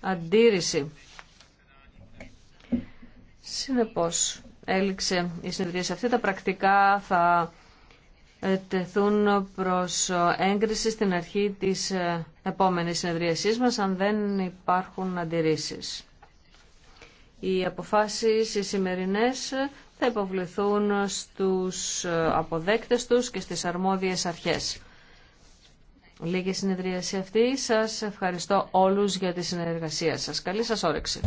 αντίρρηση. Συνεπώς, έληξε η συνεδρίαση. αυτή. Τα πρακτικά θα ε, τεθούν προς ε, έγκριση στην αρχή της ε, επόμενης συνεδρίασής μας, αν δεν υπάρχουν αντιρρήσεις. Οι αποφάσεις οι σημερινές θα υποβληθούν στους αποδέκτες τους και στις αρμόδιες αρχές. Λίγη συνεδρίαση αυτή. Σας ευχαριστώ όλους για τη συνεργασία σας. Καλή σας όρεξη.